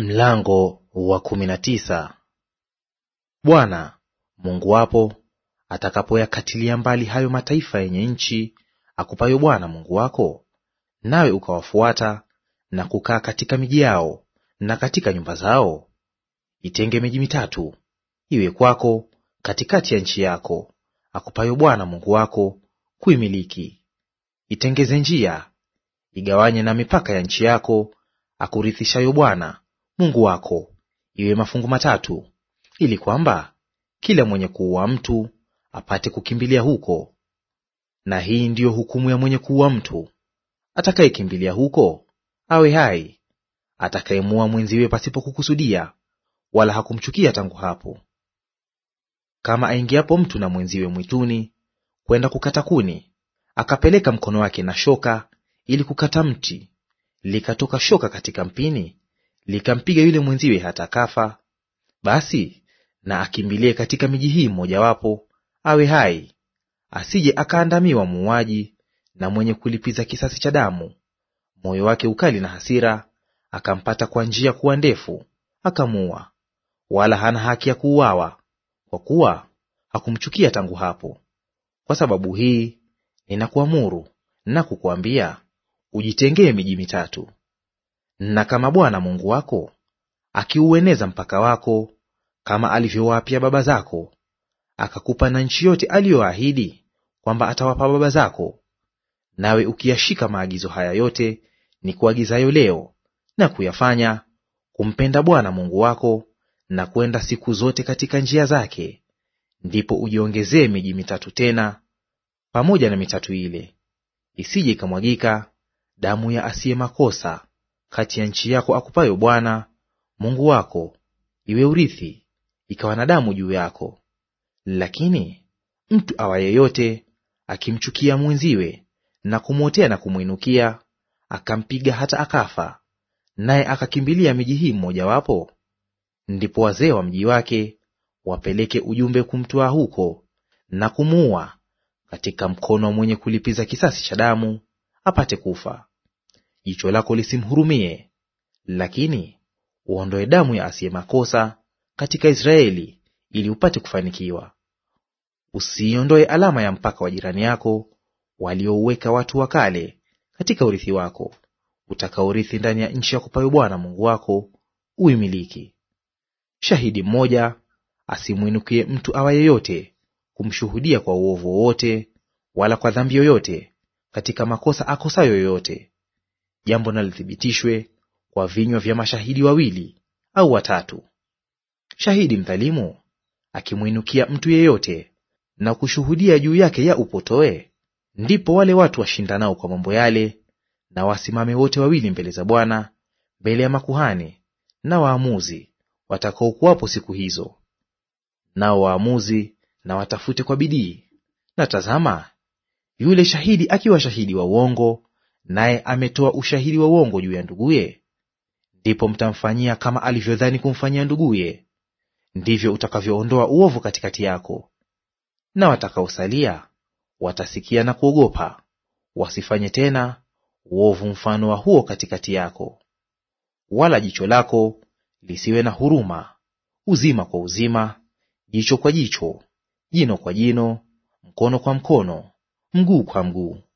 Mlango wa kumi na tisa. Bwana Mungu wapo atakapoyakatilia mbali hayo mataifa yenye nchi akupayo Bwana Mungu wako, nawe ukawafuata na kukaa katika miji yao na katika nyumba zao, itenge miji mitatu iwe kwako katikati ya nchi yako akupayo Bwana Mungu wako kuimiliki. Itengeze njia igawanye na mipaka ya nchi yako akurithishayo Bwana Mungu wako iwe mafungu matatu, ili kwamba kila mwenye kuua mtu apate kukimbilia huko. Na hii ndiyo hukumu ya mwenye kuua mtu, atakayekimbilia huko awe hai, atakayemuua mwenziwe pasipo kukusudia, wala hakumchukia tangu hapo. Kama aingiapo mtu na mwenziwe mwituni kwenda kukata kuni, akapeleka mkono wake na shoka ili kukata mti, likatoka shoka katika mpini likampiga yule mwenziwe hata kafa, basi na akimbilie katika miji hii mmojawapo awe hai, asije akaandamiwa muuaji na mwenye kulipiza kisasi cha damu, moyo wake ukali na hasira, akampata kwa njia kuwa ndefu, akamuua; wala hana haki ya kuuawa, kwa kuwa hakumchukia tangu hapo. Kwa sababu hii ninakuamuru na kukuambia, ujitengee miji mitatu. Na kama Bwana Mungu wako akiueneza mpaka wako kama alivyowaapia baba zako, akakupa na nchi yote aliyoahidi kwamba atawapa baba zako, nawe ukiyashika maagizo haya yote ni kuagizayo leo na kuyafanya, kumpenda Bwana Mungu wako na kwenda siku zote katika njia zake, ndipo ujiongezee miji mitatu tena pamoja na mitatu ile, isije ikamwagika damu ya asiye makosa kati ya nchi yako akupayo Bwana Mungu wako iwe urithi, ikawa na damu juu yako. Lakini mtu awa yeyote akimchukia mwenziwe na kumwotea na kumwinukia, akampiga hata akafa, naye akakimbilia miji hii mmojawapo, ndipo wazee wa mji wake wapeleke ujumbe kumtwaa huko na kumuua katika mkono wa mwenye kulipiza kisasi cha damu, apate kufa jicho lako lisimhurumie, lakini uondoe damu ya asiye makosa katika Israeli ili upate kufanikiwa. Usiiondoe alama ya mpaka wa jirani yako waliouweka watu wa kale katika urithi wako utakaorithi ndani ya nchi ya kupayo Bwana Mungu wako uimiliki. Shahidi mmoja asimwinukie mtu awa yeyote kumshuhudia kwa uovu wowote, wala kwa dhambi yoyote katika makosa akosayo yoyote, jambo nalithibitishwe kwa vinywa vya mashahidi wawili au watatu. Shahidi mdhalimu akimwinukia mtu yeyote na kushuhudia juu yake ya upotoe, ndipo wale watu washindanao kwa mambo yale na wasimame wote wawili mbele za Bwana, mbele ya makuhani na waamuzi watakaokuwapo siku hizo. Nao waamuzi na watafute kwa bidii, na tazama, yule shahidi akiwa shahidi wa uongo naye ametoa ushahidi wa uongo juu ya nduguye, ndipo mtamfanyia kama alivyodhani kumfanyia nduguye; ndivyo utakavyoondoa uovu katikati yako. Na watakaosalia watasikia na kuogopa, wasifanye tena uovu mfano wa huo katikati yako. Wala jicho lako lisiwe na huruma, uzima kwa uzima, jicho kwa jicho, jino kwa jino, mkono kwa mkono, mguu kwa mguu.